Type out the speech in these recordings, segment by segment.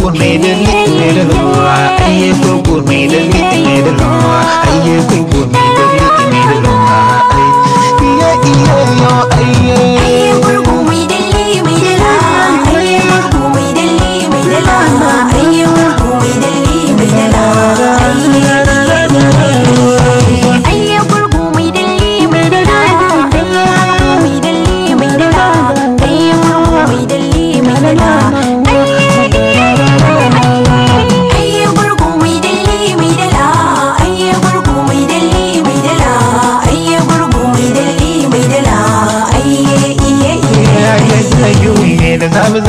por mí de de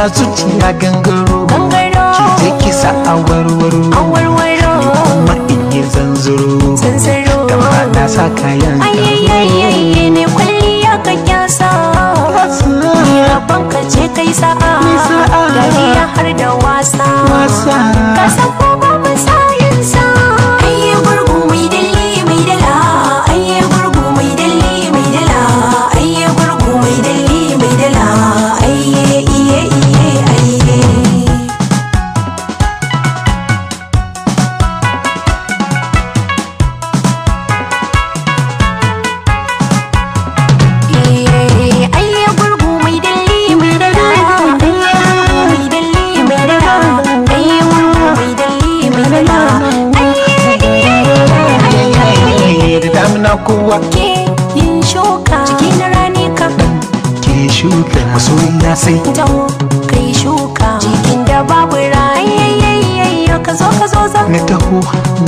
ta zuciya gangaro cuta kisa a warwaro amma kuma in yi zanzaro kamar na sa kayan gangaro ka ce kai sa'a dariya har da wasa kowa ke yin shuka ciki na rani ka ke shuka masoyi na sai taho kai shuka cikin da babu rayayayayya ka zo ka zo za na taho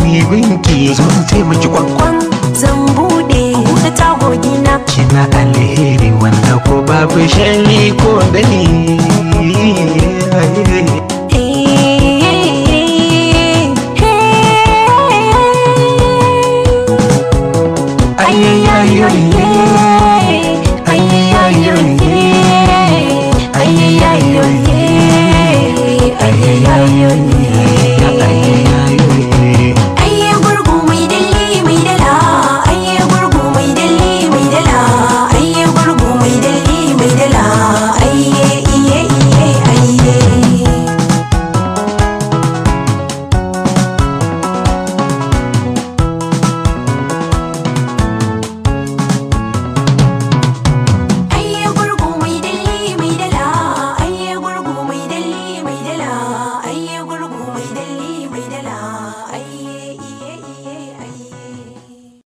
ne binki zo taimaki kwakwan yeah, yeah, yeah.